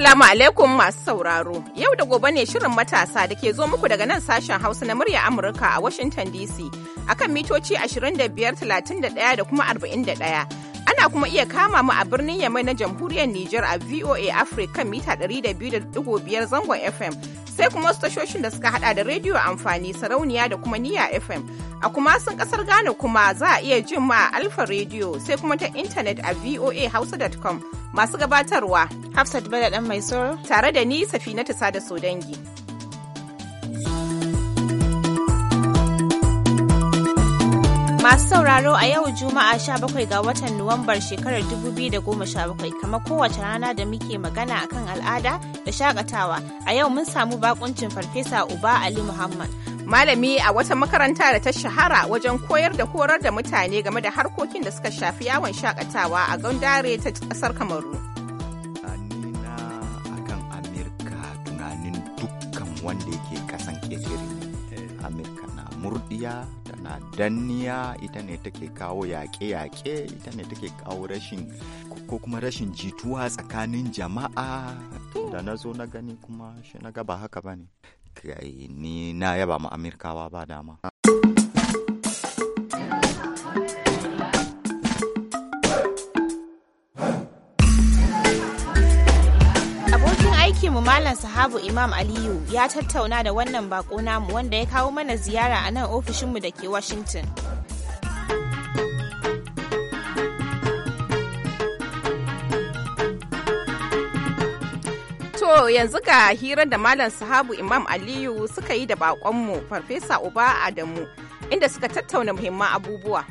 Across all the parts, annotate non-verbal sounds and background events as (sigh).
Assalamu alaikum masu sauraro. Yau da gobe ne shirin matasa da ke zo muku daga nan sashen Hausa na murya Amurka a Washington DC akan mitoci 25,31 da kuma 41. Ana kuma iya kama mu a birnin Yamai na Jamhuriyar Nijar a VOA Africa kan mita 200.5 zangon FM. Sai kuma wasu tashoshin da suka hada da rediyo amfani sarauniya da kuma niya FM. A kuma sun kasar Ghana kuma za a iya jin ma a Alfa Rediyo sai kuma ta intanet a voahausa.com. Masu gabatarwa Hafsat bada ɗan mai tare da ni Safinatu Sada Sodangi. Masu sauraro a yau Juma'a 17 ga watan Nuwambar shekarar 2017 kama kowace rana da muke magana akan al'ada da shakatawa a yau mun samu bakuncin farfesa Uba Ali Muhammad. malami a wata makaranta da ta shahara wajen koyar da horar da mutane game da harkokin da suka shafi yawon shakatawa a gandare ta kasar kamaru na akan amurka tunanin dukkan wanda yake kasan ƙetare eh. amurka na murdiya tana danniya ita ne take kawo yaƙe-yaƙe ita ne take kawo rashin ko kuma rashin jituwa tsakanin jama'a da na zo na gani kuma shi na gaba haka ba ne kai ni na yaba ma amirkawa ba dama mu Malam Sahabu Imam Aliyu ya tattauna da wannan bako namu wanda ya kawo mana ziyara a nan ofishinmu da ke Washington. yanzu ga hirar da Malam Sahabu Imam Aliyu suka yi da baƙonmu Farfesa Uba Adamu inda suka tattauna muhimman abubuwa.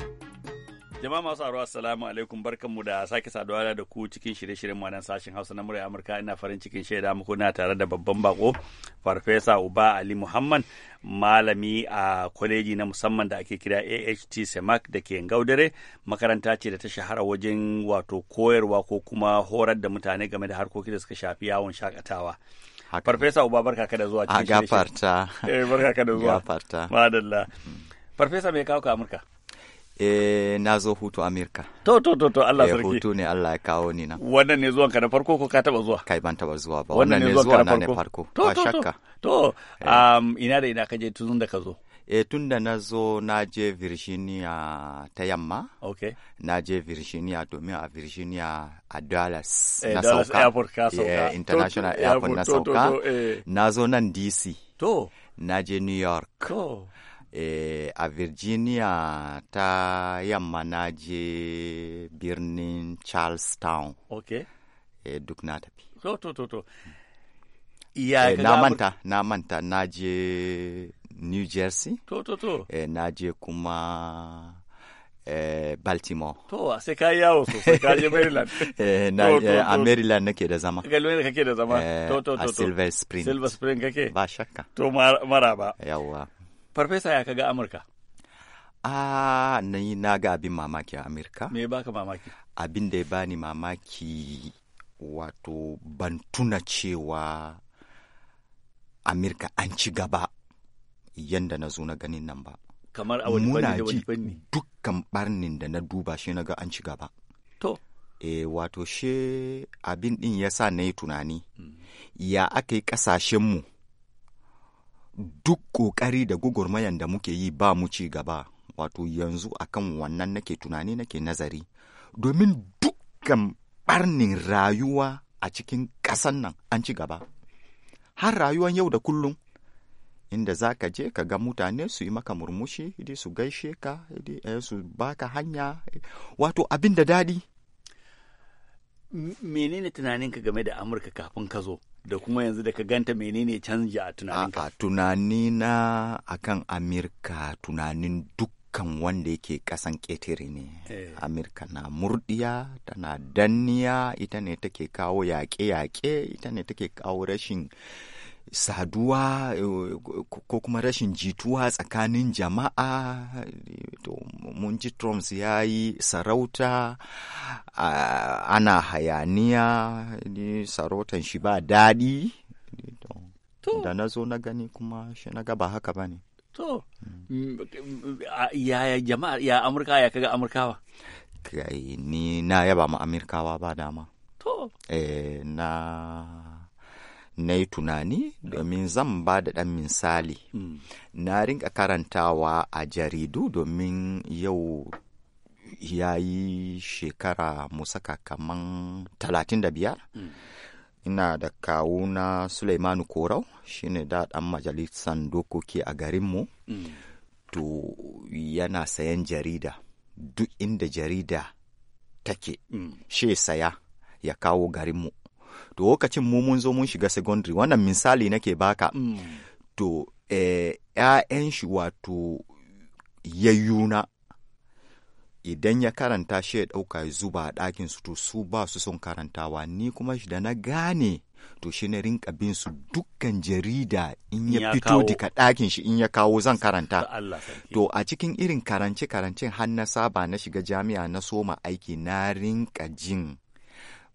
Jama'a masu aro assalamu alaikum mu da sake saduwa da ku cikin shirye-shiryen wannan sashen Hausa na murya Amurka ina farin cikin shaida muku na tare da babban bako Farfesa Uba Ali Muhammad malami a kwaleji na musamman da ake kira AHT Semak da ke Gaudare makaranta ce da ta shahara wajen wato koyarwa ko kuma horar da mutane game da harkokin da suka shafi yawon shakatawa. Farfesa Uba barka ka da zuwa cikin shirye-shiryen. A gafarta. Eh barka ka da zuwa. Gafarta. Madalla. Farfesa me kawo ka Amurka? Eh, na zo hutu Amerika. To, to, to, to, Allah eh, sarki. Eh, hutu ne Allah ya kawo ni nan. Wannan ne ka na farko ko ka taba zuwa? Kai ban taba zuwa ba. Wannan ne zuwa na ne farko. To, to, to. To, eh. um, ina da ina ka je tun da ka zo? E tun da na zo na je Virginia ta yamma. Ok. Na je Virginia domin a Virginia a Dallas. Eh, na Dallas sauka. Airport ka sauka. Yeah, International Airport, na sauka. Na zo nan DC. To. Na je New York. To. eh a virginia ta yamma na je birnin charlestown ok e, duk na tafi to to to to eh, na manta na manta na je new jersey to to to eh, na je kuma Baltimore. To, sai ka yi yawo sosai, ka je Maryland. (laughs) na, a Maryland nake da zama. kake da zama. to, to, to. A Silver Spring. Silver Spring kake? Ba shakka. To, maraba. Yawwa. farfesa ya kaga amurka a ni na ga abin mamaki a amurka me baka mamaki abin da ya bani mamaki wato ban tuna cewa amurka an ci gaba yanda na zo na ganin nan ba kamar a wani fanni wani dukkan barnin da na duba shi na ga an ci gaba to e wato she abin din ya sa na yi tunani mm. ya aka yi kasashenmu mu duk ƙoƙari da gugurmayan da muke yi ba mu ci gaba wato yanzu akan wannan nake tunani nake nazari domin dukkan barnin rayuwa a cikin ƙasan nan an ci gaba har rayuwan yau da kullum inda za ka je ka ga mutane su yi maka murmushi idi su gaishe ka idi eh, su baka hanya wato abin da daɗi menene tunaninka game da amurka kafin ka zo da kuma yanzu da ka ganta menene canji a tunaninka a tunanina akan amirka tunanin dukkan wanda yake kasan ƙetare ne hey. Eh. na murdiya tana danniya ita ne take kawo yaƙe-yaƙe ita ne take kawo rashin saduwa eh, ko kuma rashin jituwa tsakanin jama'a to mun ji Trump ya yi sarauta ana hayaniya sarautan shi ba daɗi da na zo na gani kuma shi na gaba haka ba ne to mm. ya amurka ya kaga amurkawa kai ni na yaba ma amurkawa ba dama to eh na na yi tunani domin zan ba da ɗan misali hmm. na rinka karantawa a jaridu domin yau ya yi shekara musaka kaman talatin da biyar hmm. ina da kawuna suleimanu korau shine da ɗan majalisar dokoki a garinmu hmm. to yana sayan jarida duk inda jarida take shi saya ya kawo garinmu to lokacin mu mun zo mun shiga secondary wannan misali nake baka mm. to ‘ya'yan eh, shi wato yuna idan ya karanta shi ya ɗauka ya zuba ɗakin su to su ba su son karantawa ni kuma shi da na gane to shi na rinka bin su dukkan jarida in ya fito daga ɗakin shi in ya kawo zan karanta to a cikin irin karance karancen har na saba na shiga jami'a na soma aiki na rinka jin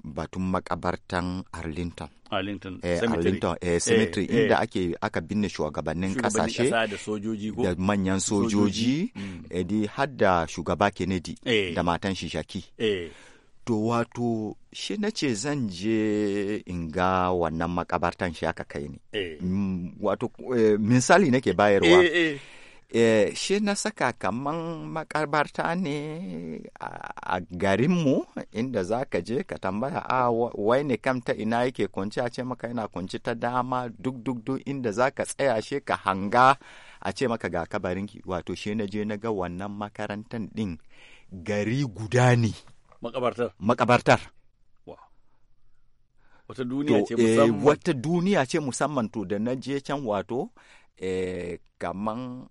batun makabartan Arlington. Arlington, eh, Arlington eh, eh, Cemetery eh, inda ake aka binne shugabannin kasashe da manyan sojoji mm. Eh, har da shugaba Kennedy eh. da matan shi Shaki. To wato shi na ce zan je in ga wannan makabartan shi aka kai ne. Mm, wato misali nake bayarwa. Eh, shi na saka kaman makarbarta ne a garinmu inda za ka je ka tambaya a wai ne kam ta ina yake kunci a ce maka yana kunci ta dama duk duk duk inda za ka tsaya shi ka hanga a ce maka ga kabarin wato shi na je na ga wannan makarantar din gari guda ne makabartar makabartar wata duniya ce eh, musamman wata duniya ce musamman to da na je can wato eh, kaman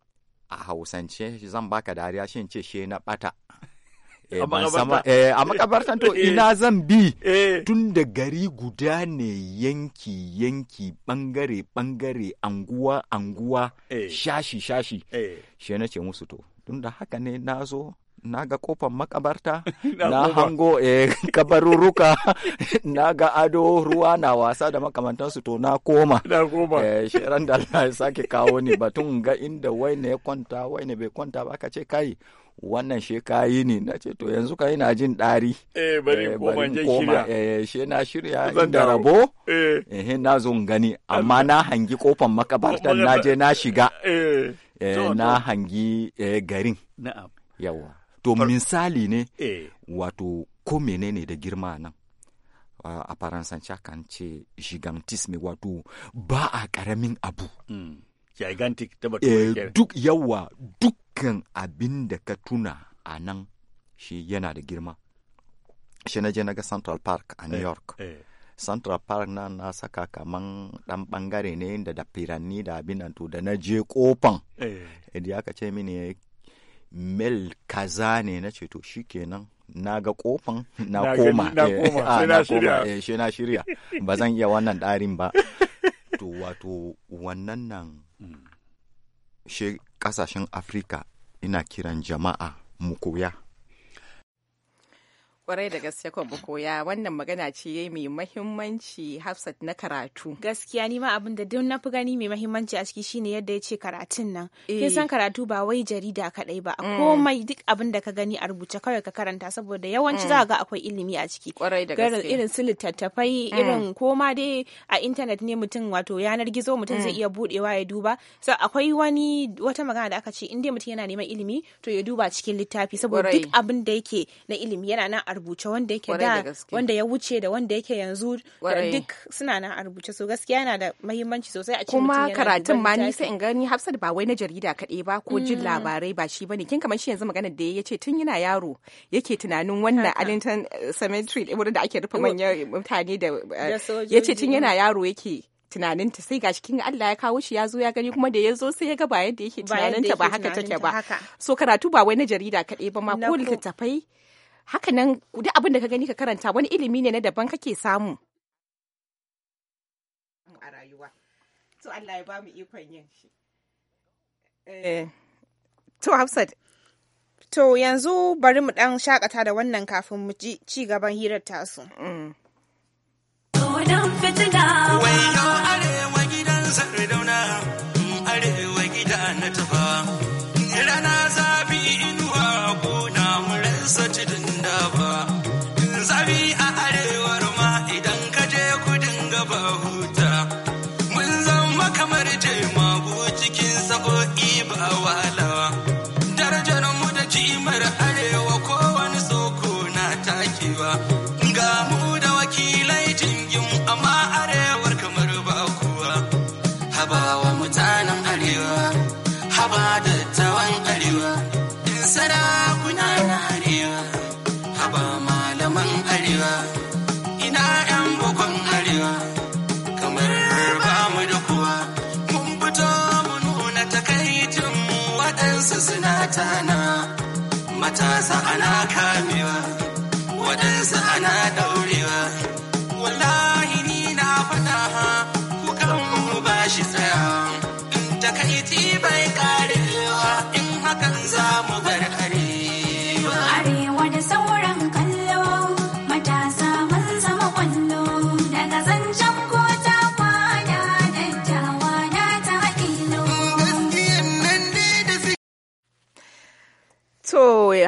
a hausance zan baka dariya shi ce she na bata (laughs) eh, eh, a makabartan to (laughs) eh. ina zan bi tun da gari guda ne yanki yanki bangare bangare anguwa anguwa shashi shashi she na ce musu to tun da haka ne na zo na ga kofar makabarta (laughs) na hango eh, (laughs) kabaruruka (laughs) na ga ado ruwa na wasa da makamantansu to na koma eh, shirin da Allah ya sake kawo ni batun ga inda waina ya kwanta ne bai kwanta ba ka ce kai wannan she kayi ne na ce to yanzu ka na jin ɗari eh bari eh, koma shirya. she na shirya inda na gani amma na hangi kofan makabartan na je na shiga na hangi garin na'am yawa to misali ne eh. wato ko menene da girma nan uh, a faransance kan ce gigantisme wato ba a karamin abu mm. gigantic ta eh, duk yawa dukkan abin da ka tuna a nan shi yana da girma shi na je central park a new eh, york e. E. central park na na saka kaman dan bangare ne da da firanni da abinan to da na je kofan idan aka ce mini mel kaza ne na ce to kenan na ga kofan (laughs) na koma eh, ah, shi eh, na shirya ba zan iya wannan ɗarin ba (laughs) to wato wannan nan mm. shi kasashen afirka ina kiran jama'a mu koya kwarai da gaske kwa bukoya wannan magana ce mai mahimmanci hafsat na karatu gaskiya ni ma abin da na fi gani mai mahimmanci a ciki shine yadda ya ce karatun nan eh. kin san karatu ba wai jarida kaɗai ba mm. komai duk abin da ka gani a rubuce kawai ka karanta saboda yawanci mm. za ga akwai ilimi a ciki kwarai da gaske irin su littattafai mm. irin koma dai a intanet ne mutum wato yanar gizo mutum zai iya buɗewa ya duba so akwai wani wata magana da aka ce in dai mutum yana neman ilimi to ya duba cikin littafi saboda duk abin da yake na ilimi yana nan a rubuce wanda yake da wanda ya wuce da wanda yake yanzu duk suna nan a rubuce so gaskiya yana da mahimmanci sosai a cikin kuma karatun ma ni sai in gani Hafsat ba wai na jarida kaɗai ba ko jin mm. labarai ba shi bane kin kamar shi yanzu magana da yace tun yana yaro yake tunanin wannan Arlington eh, Cemetery wurin da ake rufe manyan mutane da eh, yace tun yana yaro yake ta sai gashi kin Allah ya kawo shi ya zo ya gani kuma da ya zo sai ya ga ba yadda yake ta ba haka take ba so karatu ba wai na jarida kaɗai ba ma ko littattafai hakanan duk abin da ka gani ka karanta wani ilimi ne na daban kake samu a rayuwa to Allah ya bamu ikon yin shi eh. to Hafsat to yanzu bari mu dan shakata da wannan kafin mu ci gaban hirar tasu mm.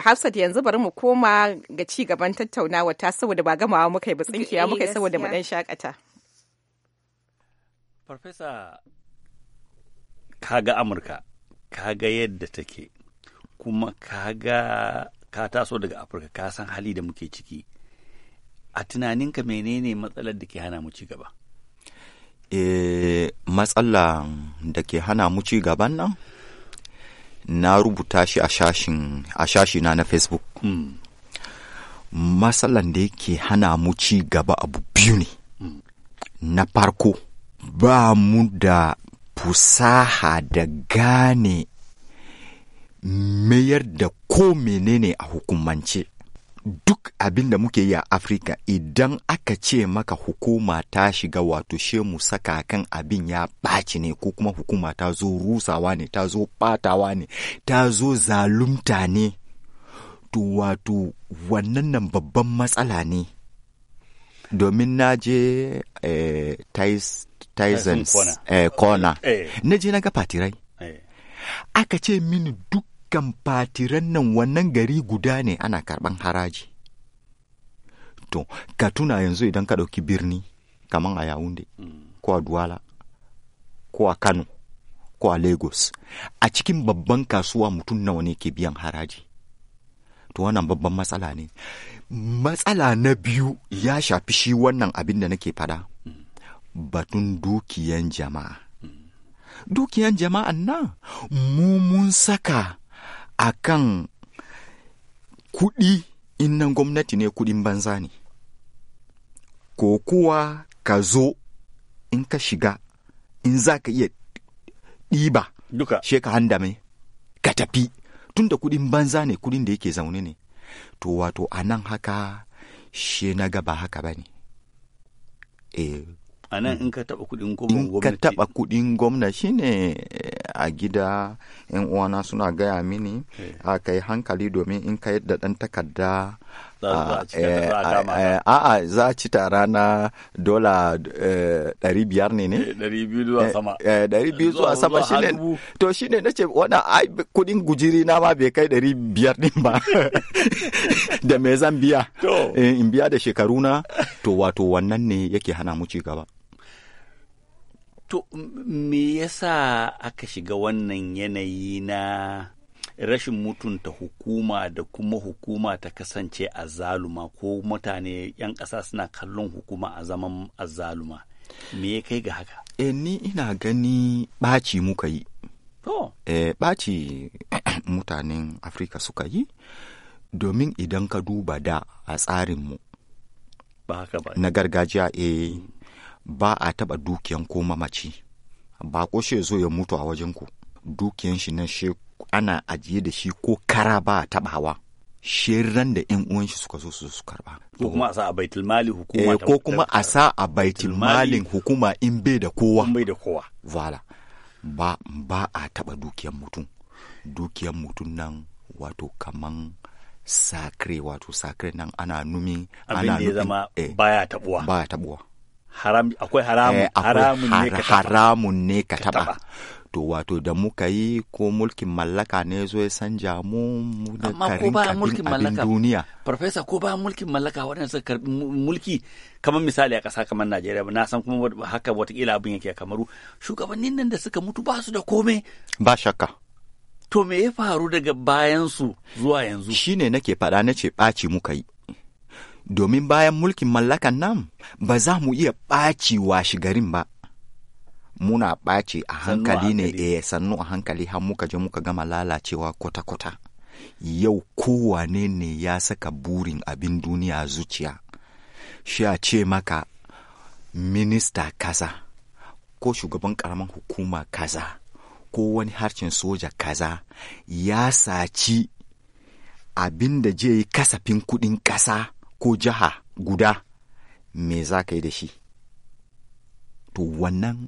Hafsat yanzu bari mu koma ga ci gaban tattaunawa ta saboda ba gamawa muka yi ba tsinkiya eh, muka yi saboda mu dan shakata. Farfesa kaga Amurka kaga yadda take kuma kaga ka taso daga Afirka ka san hali da muke ciki a tunaninka menene matsalar da ke hana mu ci gaba? Eh, matsalar da ke hana mu ci gaban nan? na rubuta shi a shashi na na facebook mm. matsalan da yake hana mu ci gaba abu biyu ne na farko ba mu da fusaha da gane mayar da ko menene a hukumance duk abin da muke yi a afirka idan aka ce maka hukuma ta shiga wato she mu saka kan abin ya ɓaci ne ko kuma hukuma ta zo rusawa ne ta zo ɓatawa ne ta zo zalumta ne to wato wannan nan babban matsala ne domin na je kona eh, tyson's corner eh, eh. na je na ga fatirai aka ce mini duk dukkan fatiran nan wannan gari guda ne ana karɓan haraji to ka tuna yanzu idan ka ɗauki birni kaman a yawunde ko a duwala ko a kano ko a lagos a cikin babban kasuwa mutum nawa ne ke biyan haraji to wannan babban matsala ne matsala na biyu ya shafi shi wannan abin da nake fada batun dukiyan jama'a dukiyan jama'an nan mu mun saka a kan kuɗi in gwamnati ne kuɗin banza ne ko kuwa ka zo in ka shiga in za ka iya ɗiba she ka handame ka tafi tun da kuɗin banza ne kuɗin da yake zaune ne to wato a nan haka she na gaba haka ba ne eh, a nan in ka taɓa kuɗin gwamnati in ka taɓa kuɗin gwamnati shine eh, a gida yan uwana suna gaya mini eh. a kai hankali domin in ka yadda ɗan takarda a'a eh, za a ci tara na dola ɗari biyar ne ne? ɗari biyu zuwa sama ɗari biyu zuwa sama shine to shine na ce wannan ai kudin gujiri na ma bai kai ɗari biyar ɗin ba (laughs) da me zan biya in biya da shekaru na to wato wannan ne yake hana mu ci gaba To, me yasa aka shiga wannan yanayi na rashin mutunta hukuma da kuma hukuma ta kasance a zaluma ko mutane 'yan ƙasa suna kallon hukuma a zaman a zaluma? Me ya kai ga haka? E, ni ina gani ɓaci muka yi. Oh. E, ɓaci (clears throat) mutanen Afirka suka yi, domin idan ka duba da a tsarinmu. Na gargajiya e. ba a taba dukiyan ko mamaci ba ko shi zo ya mutu a wajen ku dukiyan shi nan shi ana ajiye da shi ko kara ba a taɓawa shirin da yan uwan shi suka zo su su karba ko kuma a sa a baitul mali hukuma eh, ko kuma a sa a baitul malin hukuma in bai da kowa in bai da kowa voilà ba ba a taba dukiyan mutum dukiyan mutum nan wato kaman sakre wato sakre nan ana numi ana zama eh, baya tabuwa baya tabuwa haram akwai haramu eh, haramun ne ka ne ka taba to wato da muka yi ko mulkin mallaka ne zo ya sanja mu mu da karin abin duniya profesa ko ba mulkin mallaka waɗanda suka karbi mulki kamar misali a kasa kamar Najeriya na san kuma haka watakila abin yake kamaru shugabannin nan da suka mutu ba su da komai. ba shakka to me ya faru daga bayan su zuwa yanzu shine nake faɗa nace ɓaci muka yi domin bayan mulkin mallakan nan ba za mu iya ɓaci shi garin ba. Muna ɓaci a hankali ne e sannu a hankali har muka je muka gama lalacewa kwata-kwata. Yau kowane ne ya saka burin abin duniya zuciya. Shi a ce maka minista kaza ko shugaban karamin hukuma kaza ko wani harshen soja kaza ya saci abin da je kasafin kuɗin ƙasa. ko jiha guda me za ka yi da shi to wannan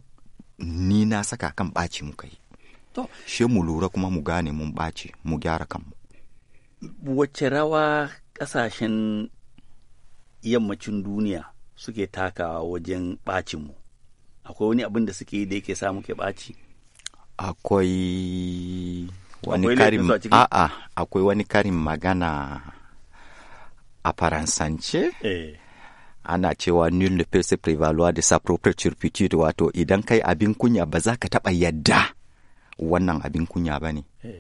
ni na saka kan ɓaci muka yi she mu lura kuma mu gane mun ɓaci mu gyara kanmu wacce rawa ƙasashen yammacin duniya suke takawa wajen ɓacinmu akwai wani abin da suke yi da yake sa muke ɓaci akwai wani karin a'a akwai wani karin magana a faransance eh. ana cewa nul ne sa propre turpitude wato idan kai abin kunya ba za ka taɓa yadda wannan abin kunya ba ne e.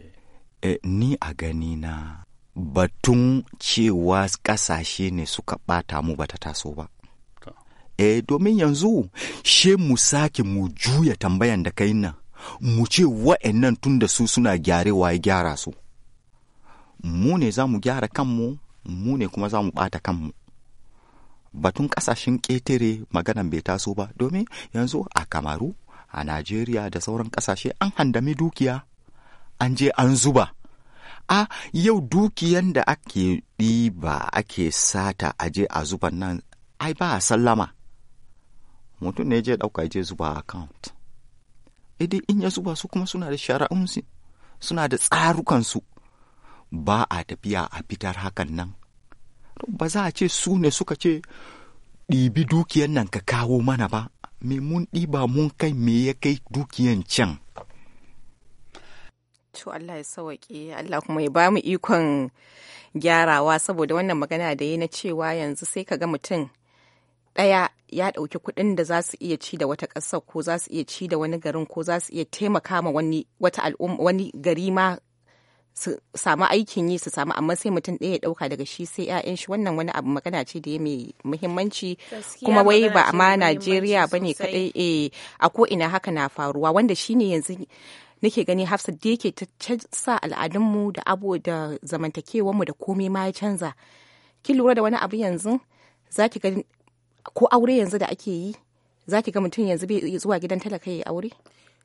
E, ni a gani na batun cewa ƙasashe ne suka ɓata mu bata taso ba eh domin yanzu she mu sake mu juya tambayan da kai nan mu ce wa'annan tun da su suna gyarewa ya gyara su mu ne za mu gyara kanmu mu ne kuma za mu ɓata kanmu batun ƙasashen ƙetare maganan bai taso ba domin yanzu a kamaru a najeriya da sauran ƙasashe an handami dukiya an je an zuba a yau dukiyan da ake ɗiba ake sata a je a zuban nan ai ba a sallama mutum ne je ɗauka je zuba account idan in ya zuba su kuma suna da shara'unsu suna da tsarukansu ba a tafiya a fitar hakan nan ba za a ce su ne suka ce ɗibi dukiyan nan ka kawo mana ba me mun ɗiba mun kai me ya kai dukiyan can to Allah ya sawaƙe Allah kuma ya ba mu ikon gyarawa saboda wannan magana da yi na cewa yanzu sai ka ga mutum ɗaya ya ɗauki kuɗin da za su iya ci da wata ƙasa ko za su iya ci da wani garin ko za su iya taimaka ma wata wani gari ma su samu aikin yi su samu amma sai mutum ɗaya ya ɗauka daga shi sai 'ya'yan shi wannan wani abu magana ce da ya mai muhimmanci kuma wai ba amma najeriya ba ne kaɗai eh, a ko ina haka na faruwa wanda shine yanzu nake gani hafsat da yake ta sa al'adunmu da abu da zamantakewarmu da komai ma ya canza ki lura da wani abu yanzu zaki ga ko aure yanzu da ake yi za ga mutum yanzu bai zuwa gidan talaka ya aure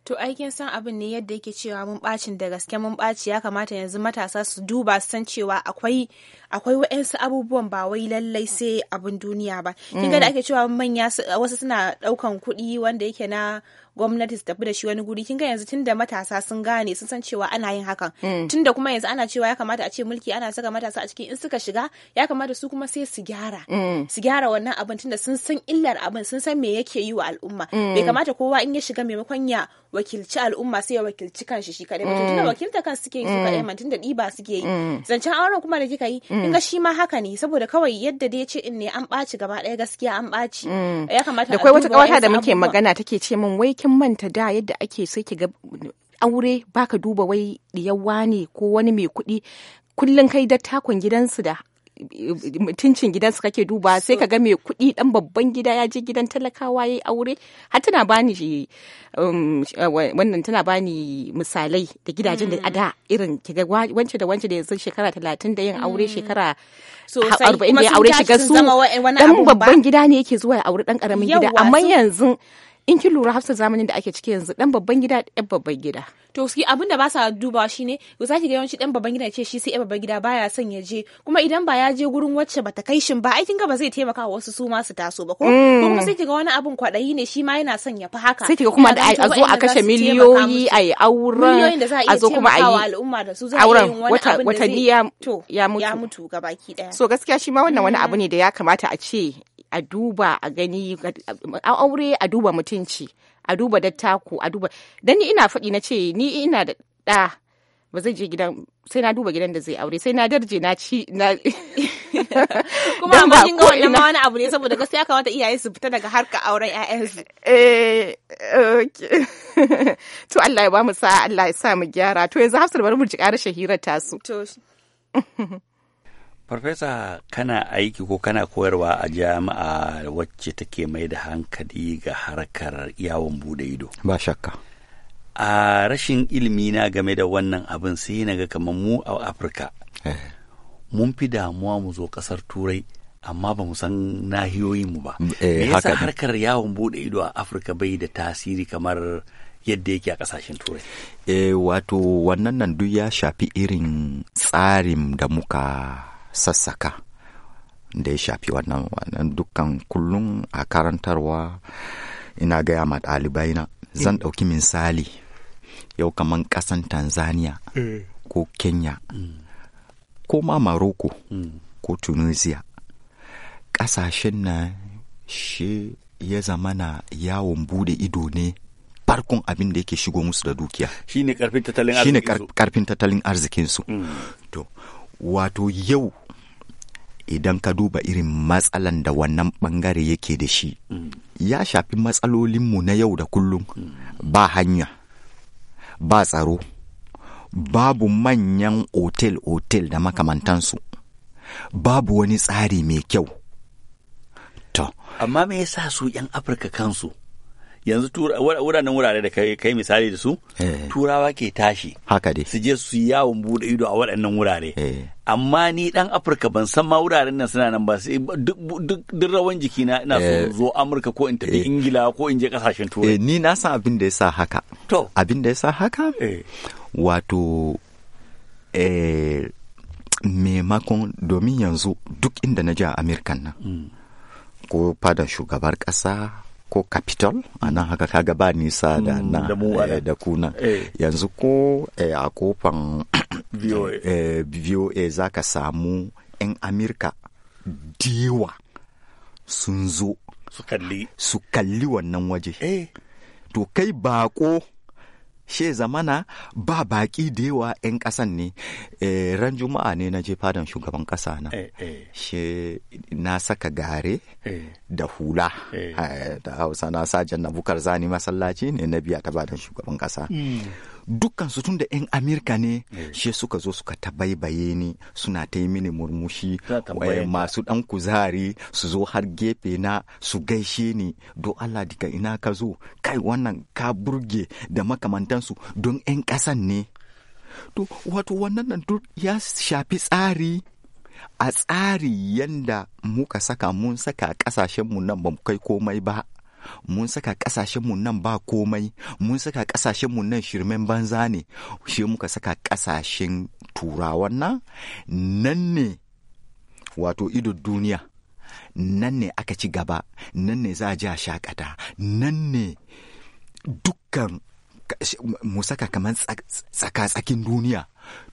to aikin san abin ne yadda yake cewa mun bacin da gaske mun baci ya kamata yanzu matasa su duba su san cewa akwai akwai wa'ensu abubuwan ba wai lallai sai abin duniya ba kin ga da mm. ake cewa manya wasu suna daukan kuɗi wanda yake na gwamnati su tafi da shi wani guri kin ga yanzu tunda matasa sun gane sun san cewa ana yin hakan mm. tunda kuma yanzu ana cewa ya kamata a ce mulki ana saka matasa a cikin in suka shiga ya kamata su kuma sai su gyara mm. su gyara wannan abin tunda sun san illar abin sun san me yake yi wa al'umma mm. bai kamata kowa in ya shiga maimakon ya wakilci al'umma sai ya wakilci kanshi shi kadai mutum tunda wakilta kan suke yi su kadai man tunda ɗiba suke yi zancen auren kuma da kika yi kin shi ma haka ne saboda kawai yadda da ya ce in ne an ɓaci gaba ɗaya gaskiya an ɓaci ya kamata da kai wata kawata da muke magana take ce min wai kin manta da yadda ake sai ki ga aure baka duba wai diyawa ne ko wani mai kuɗi kullum kai dattakon gidansu da mutuncin gidansu kake duba sai ka ga mai kuɗi ɗan babban gida ya je gidan talakawa ya yi aure har tana bani um, wannan tana bani misalai da gidajen da ada irin kiga wance da wance da yanzu shekara talatin da yin aure mm. shekara arba'in da ya aure shiga su ɗan babban gida ne yake zuwa ya aure ɗan ƙaramin gida amma yanzu in kin lura hafsa zamanin da ake ciki yanzu dan babban gida dan babban gida to su abin da ba sa dubawa shine za ki ga yawanci dan babban gida ce shi sai babban gida baya son ya je kuma idan ba ya je gurin wacce bata kai shin ba Aikin kin ga ba zai taimaka wasu su ma su taso ba ko mm. kuma sai ga wani abun kwadayi ne shi ma yana son ya fi haka sai ga kuma a zo a kashe miliyoyi a yi auren a zo kuma a yi al'umma da su ya mutu gabaki daya so gaskiya shi ma wannan wani abu mm. ne da ya kamata a ce a duba a gani aure a duba mutunci a duba dattako a duba dan ni ina faɗi na ce ni ina da ɗa ba zai je gidan sai na duba gidan da zai aure sai na darje na ci na (laughs) kuma ba kin ga wannan ma wani abu ne saboda gaskiya kamata iyaye su fita daga harka auren su eh (laughs) to Allah ya ba mu sa'a Allah ya sa mu gyara to yanzu Hafsat bari mu ji ƙarar shahirar tasu to (laughs) farfesa kana aiki ko kana koyarwa a jami'a wacce take mai da hankali ga harkar yawon bude ido ba shakka a rashin ilimi na game da wannan abin sai na ga kamar mu a afirka eh. mun fi damuwa mu zo kasar turai amma ba mu san mu ba mm, eh, me yasa harkar yawon bude ido a afirka bai da tasiri kamar yadda yake a kasashen turai e wato wannan nan duk ya shafi irin tsarin da muka sassaka da ya shafi wannan wannan dukkan kullum a karantarwa ina gaya ma na. zan mm. ɗauki misali yau kaman ƙasan tanzania mm. ko kenya ko ma maroko mm. ko tunisia ƙasashen na shi ya zamana yawon bude ido ne farkon abin da yake shigo musu da dukiya shine karfin tattalin arzikinsu to wato yau idan ka duba irin matsalan da wannan bangare yake da shi ya shafi matsalolinmu na yau da kullum ba hanya ba tsaro babu manyan otel-otel da makamantansu babu wani tsari mai kyau to amma me yasa su 'yan afirka kansu yanzu waɗannan wurare da kai misali da su eh. turawa ke tashi haka dai su je su yawon bude ido a waɗannan wurare eh. amma ni dan afirka ban san ma wuraren nan suna nan ba sai duk rawan jikina ina so eh. zo amurka ko in tafi ingila ko in je kasashen turai ni na san abin da ya sa haka to abin da ya sa haka wato maimakon domin yanzu duk inda na je a amurkan nan mm. ko fadan shugabar ƙasa ko capital a nan haka kaga ba nisa da mm, na da eh, kuna eh. yanzu ko eh, a kofan (coughs) voa za ka samu 'yan amurka diwa sun zo su kalli wannan waje to kai bako she zamana ba baki da yawa 'yan ƙasan ne eh, ran juma'a ne na je fadan shugaban ƙasa na eh, eh. she na saka gare da hula da hausa na sajan na bukar zani masallaci ne na biya ta fadan shugaban kasa hmm. dukkan su tun da 'yan amerika ne eh. shi suka zo suka tabaibaye ni suna ta yi mini murmushi masu dan kuzari su zo har gefe na su gaishe ni do Allah daga ina ka zo kai wannan ka burge da makamantansu don 'yan ƙasan ne to wato wannan nan duk ya shafi tsari a tsari yanda muka saka mun saka kasashenmu nan ba mu kai komai ba mun saka mu nan ba komai mun saka mu nan shirmen banza ne shi muka saka ƙasashen turawan nan nan ne wato ido duniya nan ne aka ci gaba nan ne za a ji a shakata nan ne dukkan mu saka kamar tsaka-tsakin duniya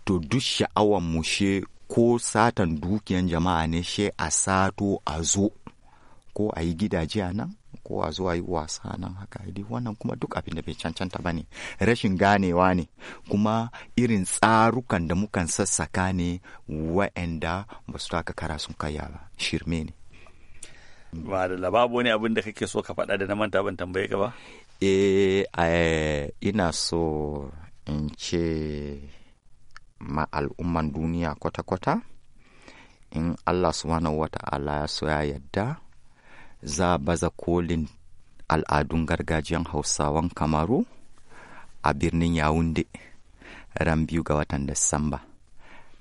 to duk sha'awan mu she ko satan dukiyan jama'a ne she a sato a zo ko a yi gidaje a nan kowa zuwa yi wasa nan haka dai wannan kuma duk abin da bai cancanta ba ne rashin ganewa ne kuma irin tsarukan da mukan sassaka ne wa'anda ba su taka kara sun kaya ba shirme ne ba da lababu wani abin da kake so ka faɗa da na manta ban tambaye ka ba eh, eh ina so in ce ma al'umman duniya kwata-kwata in Allah subhanahu wa ta'ala ya so ya yadda za a baza kolin al'adun gargajiyan hausawan kamaru a birnin yawunde ran biyu ga watan disamba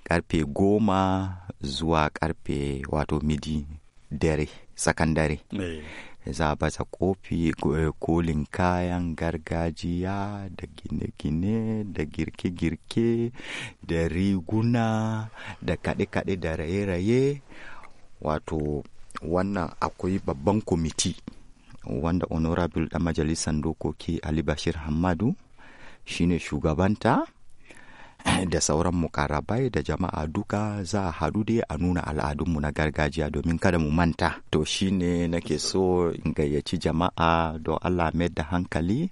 karfe goma zuwa karfe wato midi dare sakandare eh. za a baza kofi eh, kolin kayan gargajiya da gine-gine da girke-girke da riguna da kaɗe-kaɗe da raye-raye wato wannan akwai babban kwamiti wanda honorable da majalisar dokoki ali bashir hamadu shine shugabanta (coughs) da sauran mukarabai da jama'a duka za a haɗu dai a nuna al'adunmu na gargajiya domin kada mu manta to shine nake so in gayyaci jama'a don allah mai da hankali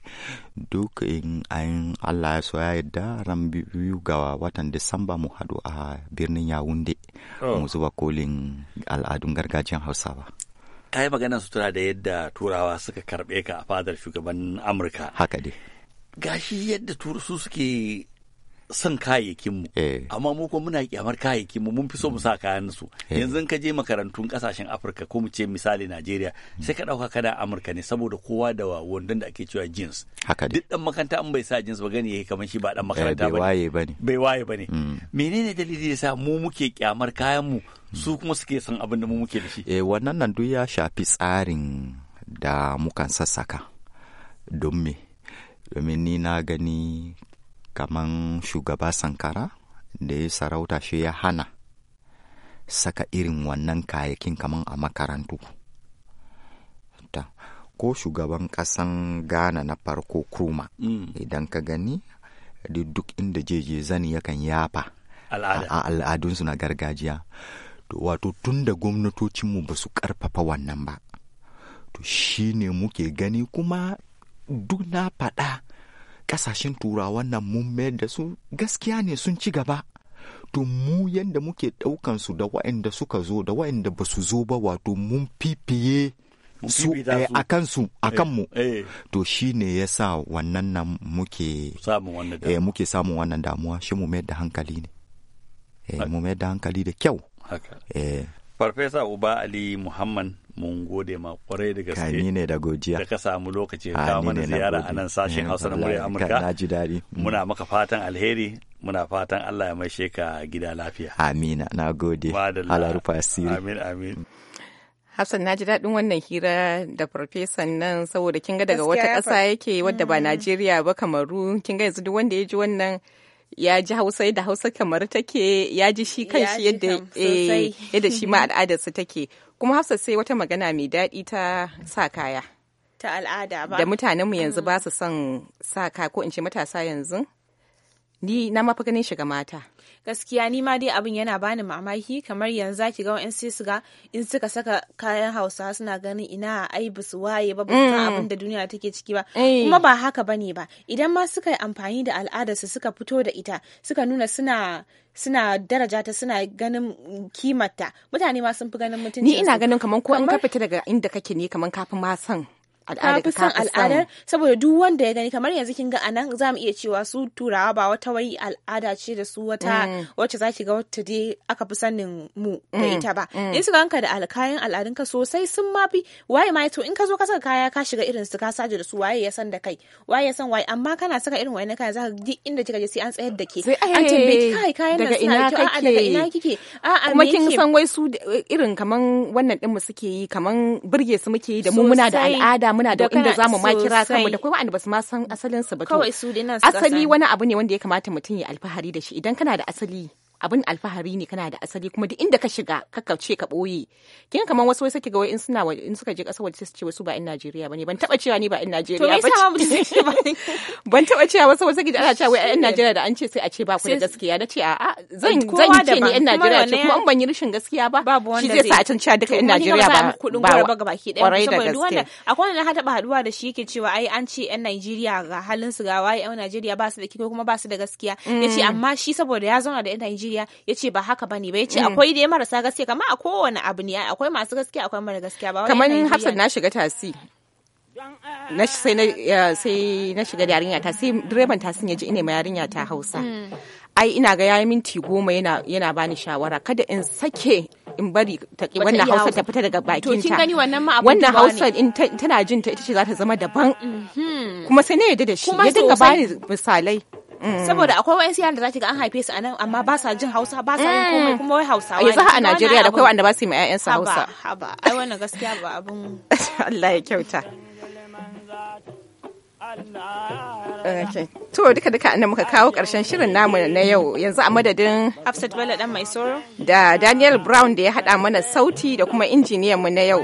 duk in an allah ya so ya ran biyu ga watan disamba mu haɗu a birnin yawunde oh. mu zuba kolin al'adun gargajiyan hausawa ka yi magana sutura da yadda turawa suka karɓe ka a fadar shugaban amurka haka dai gashi yadda su suke son kayayyakinmu eh. amma mu ko muna kyamar kayayyakinmu mun fi so mu sa mm. kayan su eh. yanzu ka je makarantun kasashen afirka ko mu ce misali najeriya mm. sai ka dauka kana amurka ne saboda kowa da wandon da ake cewa jeans duk dan makaranta an bai sa jeans ba gani yake kamar shi ba dan makaranta eh, ba bai waye ba ne mm. menene dalili yasa mu muke kyamar kayan kayanmu su kuma suke son abin da mu muke da shi eh wannan nan duk ya shafi tsarin da mukan sassaka don me domin ni na gani kaman shugaba sankara da ya sarauta shi ya hana saka irin wannan kayakin kaman a makarantu ko shugaban ƙasan ghana na farko kurma mm. idan ka gani duk inda jeje zani yakan yafa a al'adunsu na gargajiya wato tun da gwamnatocinmu ba su ƙarfafa wannan ba to shi ne muke gani kuma duk na faɗa ƙasashen turawan nan mun mayar da su gaskiya ne sun ci gaba to mu yadda muke ɗaukan su da waɗanda suka zo da waɗanda ba su zo ba wato mun fifiye eh, su a kansu a eh, kanmu eh. to shi ne ya sa wannan nan muke samun wannan damuwa shi mu mayar da hankali ne mu mayar da hankali da kyau Farfesa Uba Ali Muhammad mun gode ma kwarai da gaske. Kani ne da godiya. Da ka samu lokaci ka mana ziyara a nan sashen eh, Hausa na murya Amurka. Na ji daɗi. Mm. Muna maka fatan alheri muna fatan Allah ya maishe ka gida lafiya. Amina na gode. Allah rufa asiri. Amin amin. Hafsan na ji daɗin wannan hira da farfesan nan saboda kinga daga wata ƙasa yake wadda ba mm. Najeriya ba Kamaru kinga yanzu duk wanda ya ji wannan ya ji hausa da hausa kamar take ya ji shi kan shi eh, yadda shi ma (laughs) al'adarsa take kuma hafsa sai wata magana mai daɗi ta sa kaya ta al'ada ba da mutanenmu yanzu mm. ba su son sa kaya ko in ce matasa yanzu ni na mafi ganin shiga mata gaskiya ni ma dai abin yana bani mamaki kamar yanzu zaki ga su ga in suka saka kayan hausa suna ganin ina ai ba su waye ba ba san abin da duniya take ciki ba eh. kuma ba haka bane ba idan ma suka yi amfani da al'adar su suka fito da ita suka nuna suna suna daraja ta suna ganin kimarta mutane ma sun fi ganin mutunci ni ina ganin kaman ko in ka fita daga inda kake ne kaman kafin ma san al'adar ka al'adar saboda duk wanda ya gani kamar yanzu kin ga anan za mu iya cewa su turawa ba wata wai al'ada ce da su wata mm. wacce za ki ga wata dai aka fi sanin mu da mm. ita ba mm. in su ganka da alkayan al'adun ka sosai sun ma fi waye ma to in ka zo ka saka kaya ka shiga irin su ka saje da su waye ya san da kai waye ya san waye amma kana saka irin wayannan kaya ka ji inda kika je sai an tsayar da ke an tambaye kai kayan nan suna kyau daga ina kike a a kuma kin san wai su irin kaman wannan din mu suke yi kaman burge su muke yi da mu muna da al'ada muna da inda za mu makira kanmu da kuma wa'anda ba su ma san asalin su ba to asali wani abu ne wanda ya kamata mutum ya alfahari da shi idan kana da asali abin alfahari ne kana da asali kuma duk inda ka shiga ka ce ka boye kin kaman wasu wasu kiga wai in suna in suka je kasar waje su ce wasu ba in Najeriya bane ban taba cewa ni ba in Najeriya ba (laughs) ban taba cewa wasu wasu kiga ana cewa wai in Najeriya da an ce sai a ce ba ku da gaskiya na ce a'a zan zan ce ni in Najeriya ce kuma in ban yi rashin gaskiya ba shi zai sa a can cewa duka in Najeriya ba ba gabaki da saboda duk wanda akwai wanda na taba haduwa da shi yake cewa ai an ce yan Najeriya ga halin su ga wai yan Najeriya ba su da kiko kuma ba su da gaskiya yace mm. amma shi saboda ya zauna da yan Najeriya Najeriya ya ce ba haka bane ba ya ce mm. akwai dai marasa gaskiya kamar a kowane abu ne akwai masu gaskiya akwai mara gaskiya ba kamar Hafsat na shiga tasi na sai na shiga da yarinya ta sai direban tasin ya ji ina ma yarinya ta Hausa mm. ai ina ga yayi minti goma yana yana bani shawara kada in sake in bari ta wannan Hausa ta fita daga bakin ta to kin gani wannan ma abin wannan Hausa in tana jin ta ita ce za ta zama daban mm-hmm. kuma sai na yadda da shi ya dinga bani misalai saboda akwai wayansu yaran da zaki ga an haife su anan amma ba sa jin Hausa ba sa yin mm. komai kuma wai Hausawa yanzu a Najeriya da akwai wanda ba su yi ma ƴaƴan su Hausa haba ai wannan gaskiya ba abun (laughs) Allah ya kyauta To duka duka annan muka kawo karshen shirin namu na yau yanzu a madadin Hafsat Bello dan mai soro da Daniel Brown da ya hada mana sauti da kuma injiniyan mu na yau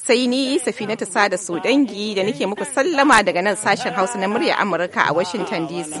sai ni safina ta sada so dangi da nake muku sallama daga nan sashen hausa na murya amurka a washington dc